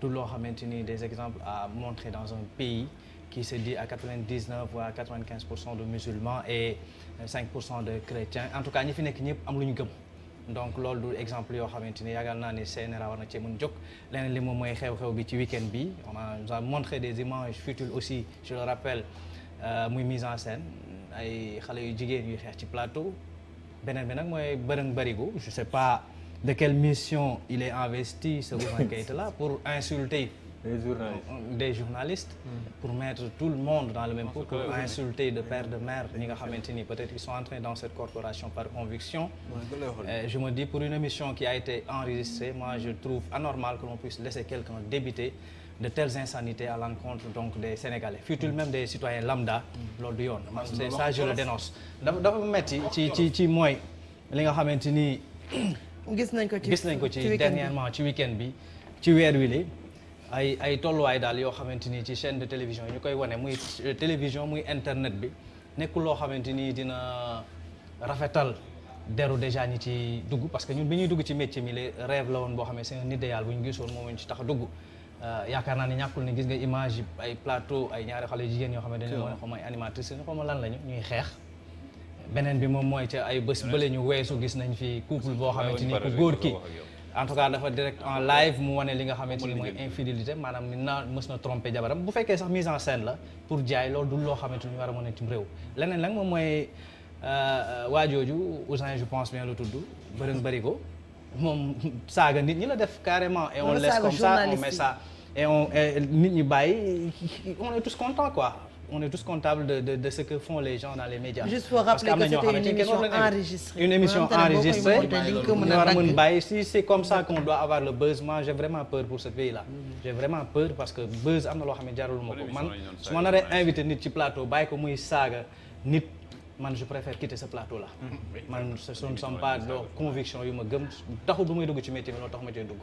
d'où l'on a maintenu des exemples à montrer dans un pays qui se dit à 99 voire 95 de musulmans et 5 de chrétiens en tout cas il fi a ñëpp am lu ñu gëm. donc loolu du exemple y a ni yaakaar naa ne war na cee mën jóg leneen li moom mooy xew-xew bi ci week on a montré des images futiles aussi je le rappelle la euh, mise en scène ay xale yu jigéen yuy xeex ci plateau beneen bi je sais pas de quelle mission il est investi, ce qui était là pour insulter des journalistes, mm. pour mettre tout le monde dans le même pot, pour insulter de père de mère, peut-être qu'ils sont entrés dans cette corporation par conviction. Euh, je me dis, pour une mission qui a été enregistrée, moi je trouve anormal que l'on puisse laisser quelqu'un débiter de telles insanités à l'encontre donc des Sénégalais fut-il mm. même des citoyens lambda mm. lord ça je le dénonce dafa gis nañ ko ci gis nañ ko ci dernièrement ci week-end bi ci weer wi la ay ay tolluwaay daal yoo xamante ni ci chaîne de télévision yi ñu koy wane muy euh, télévision muy internet bi nekkul loo xamante nii dina rafetal deru déjà ñi ci dugg parce que bi ñuy dugg ci métier mi les rêve la woon boo xam ne c'est un idéal bu ñu gisoon moom ñu tax a dugg euh, yaakaar naa ne ñàkkul ne gis nga image ay plateau ay ñaari xale jigéen yoo xamante ne mooy xaw ma ay animatrice xaw ma lan lañu ñuy beneen bi moom mooy ca ay bés bële ñu weesu gis nañ fi couple boo xamante ni ku góor ki en tout dafa direct en live mu wane li nga xamante ni mooy infidélité maanaam na mës na trompé jabaram bu fekkee sax mise en scène la pour jaay loolu dul loo xamante ni war a mën leneen nag moom mooy euh, waajooju Ousin je pense bien la tudd bërën bëri ko moom saaga nit ñi la def carrément et on laisse comme ça et on nit ñi bàyyi on est tous contents quoi on est tous comptables de, de, de, ce que font les gens dans les médias. Juste pour rappeler que c'était une émission enregistrée. Une émission enregistrée. dire mon Si c'est comme ça qu'on doit avoir le buzz, moi j'ai vraiment peur pour ce pays-là. J'ai vraiment peur parce que buzz, am na loo xam ne jarul ma ko man su ma invité nit ci plateau bàyyi ko muy saaga nit man je préfère quitter ce plateau-là. man ce ne sont pas loo conviction yu ma gëm taxul bu may dugg ci métier bi loolu tax ma cee dugg.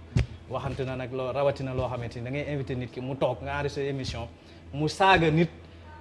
waxante na nag loo rawatina loo xamante ni da ngay invité nit ki mu toog nga enregistré émission mu saaga nit.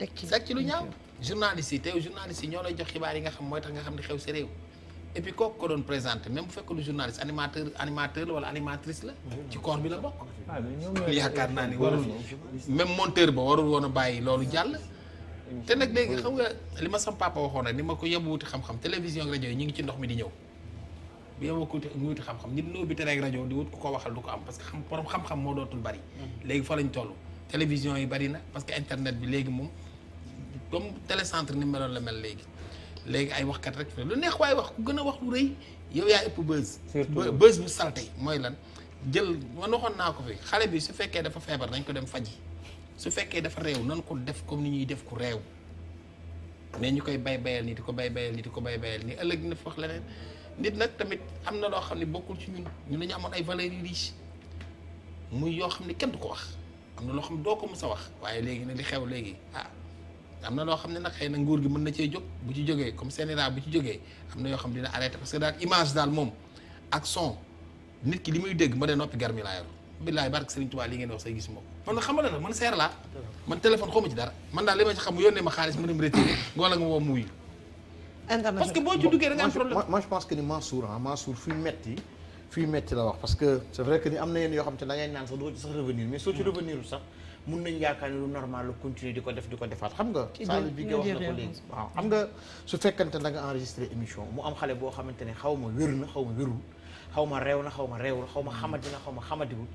teg ci lu ñaaw journaliste yi tey journaliste yi ñoo lay jox xibaar yi nga xam mooy tax nga xam ne xew si réew et ko doon présenté même bu fekk lu journaliste animateur animateur la wala animatrice la ci corps bi la bokk ah, yaakaar naa ni warul même monteur ba warul woon a bàyyi loolu jàll te nag léegi xam nga li ma sam waxoon rek ni ma ko yóbbu wuti xam-xam télévision ak rajo yi ñu ngi ci ndox mi di ñëw bi yóbbu ko wuti xam-xam nit noo bi te rajo di wut ku ko waxal du ko am parce que xam borom xam-xam moo dootul bari mm-hmm. yi bari na parce que internet bi léegi moom comme télécentre ni meloon la mel léegi léegi ay waxkat rek lu neex waaye wax ku gën a wax lu rëy yow yaa ëpp buzz. surtout buzz bu salte mooy lan jël ma waxoon naa ko fi xale bi su fekkee dafa feebar nañ ko dem faji su fekkee dafa réew nan ko def comme ni ñuy def ku réew mais ñu koy bay bayal nii di ko bay bayal nii di ko bay bayal ni ëllëg dina fa wax leneen nit nag tamit am na loo xam ne bokkul ci ñun ñu dañu amoon ay valeurs yu riche muy yoo xam ne kenn du ko wax am na loo xam doo ko mës a wax waaye léegi nag li xew léegi ah. am na loo xam ne na xëy na nguur gi mën na cee jóg bu ci jógee comme CNRA bu ci jógee am na ki li muy dégg ma ne noppi garmi laa yor billaay barke Serigne Touba li ngeen yenn yoo xam te da naan sax doo ci sax revenir mais soo ci hmm. revenir sax mun nañ yaakaar ne lu normal lu continuer di ko def di ko defaat xam nga sall bi nga wax na ko léegi waaw xam nga su fekkante da nga enregistré émission mu am xale boo xamante ne xaw ma wér na xaw ma wérul xaw ma réew na xaw ma réewul xaw ma xamadi na xaw ma xamadiwul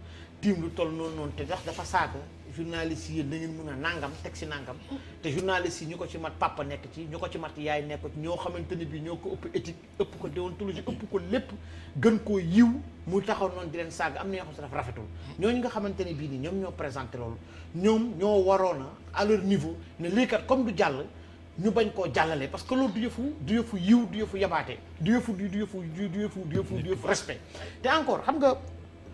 tiim lu toll noonu noonu te wax dafa saaga journaliste yi da ngeen mën a nangam teg si nangam te journaliste yi ñu ko ci mat papa nekk ci ñu ko ci mat yaay nekk ci ñoo xamante bii bi ñoo ko ëpp éthique ëpp ko déontologie ëpp ko lépp gën koo yiw muy taxaw noonu di leen saaga am na ñoo xam si dafa rafetul nga xamante ne bii nii ñoom ñoo présenté loolu ñoom ñoo waroon a à leur niveau ne lii kat comme du jàll ñu bañ koo jàllale parce que loolu du yëfu du yëfu yiw du yëfu yabaate du yëfu du yëfu du yëfu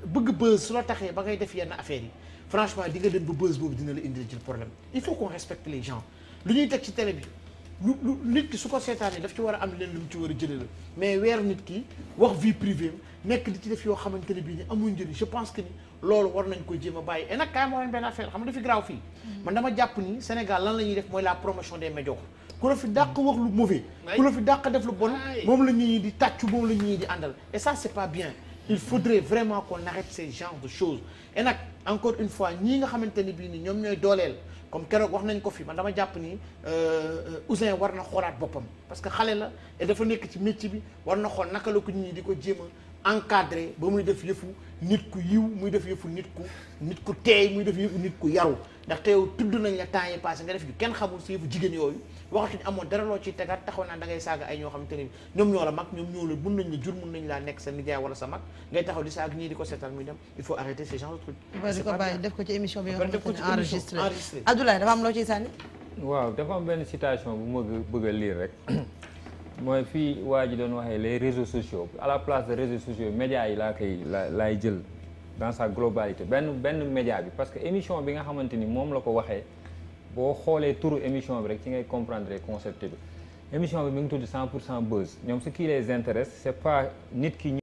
bëgg buzz su la taxee ba ngay def yenn affaires yi franchement di nga dem ba buzz boobu dina la indil jël problème il faut qu'on respecte les gens lu ñuy teg ci télé bi lu lu nit ki su ko seetaanee daf ci war a am leen lu mu ci war a jëlee la mais weer nit ki wax vie privée nekk di ci def yoo xamante ne bii ni amul njëriñ je pense que ni loolu war nañ ko jéem a bàyyi et nag kaay moo leen affaire xam nga dafi garaaw fii hmm. man dama jàpp ni Sénégal lan la ñuy def mooy la promotion des médiocres ku la fi hmm. dàq wax lu mauvais ku la fi dàq def lu bon moom la ñuy di tàccu moom la ñuy di àndal et ça c'est pas bien il faudrait vraiment qu'on arrête ces genres de choses et nag encore une fois ñii nga xamante ni ñom ñoy dolel comme kérok wax nañ ko fi man dama japp ni euh, euh, Ouzin war na xoolaat bopam parce que xalé la et dafa nek ci métier bi war na xool naka la ko ñi diko ko encadrer encadré ba muy def yëfu nit ku yiw muy def yëfu nit ku nit ku tey muy def yëfu nit ku yaru ndax teew tudd nañ la temps yi passé nga def ju kenn xamul si yëfu jigéen yooyu waxatuñ amoon dara loo ciy tegaat taxaw naa da ngay saaga ay ñoo xamante ne ñoom ñoo la mag ñoom ñoo la mun nañ la jur mun nañ laa nekk sa nijaay wala sa mag ngay taxaw di saaga ñii di ko seetaan muy dem il faut arrêter ce genre de truc. dafa am loo ciy sànni. waaw dafa am benn citation bu ma bëgg a rek mooy fii waa ji doon waxee les réseaux sociaux à la place de réseaux sociaux la laay jël dans sa globalité ben ben média bi parce que émission bi nga xamante ni moom la ko waxee boo xoolee turu émission bi rek ci comprendre concept bi émission bi 100 buzz ce qui les intéresse c'est pas nit ki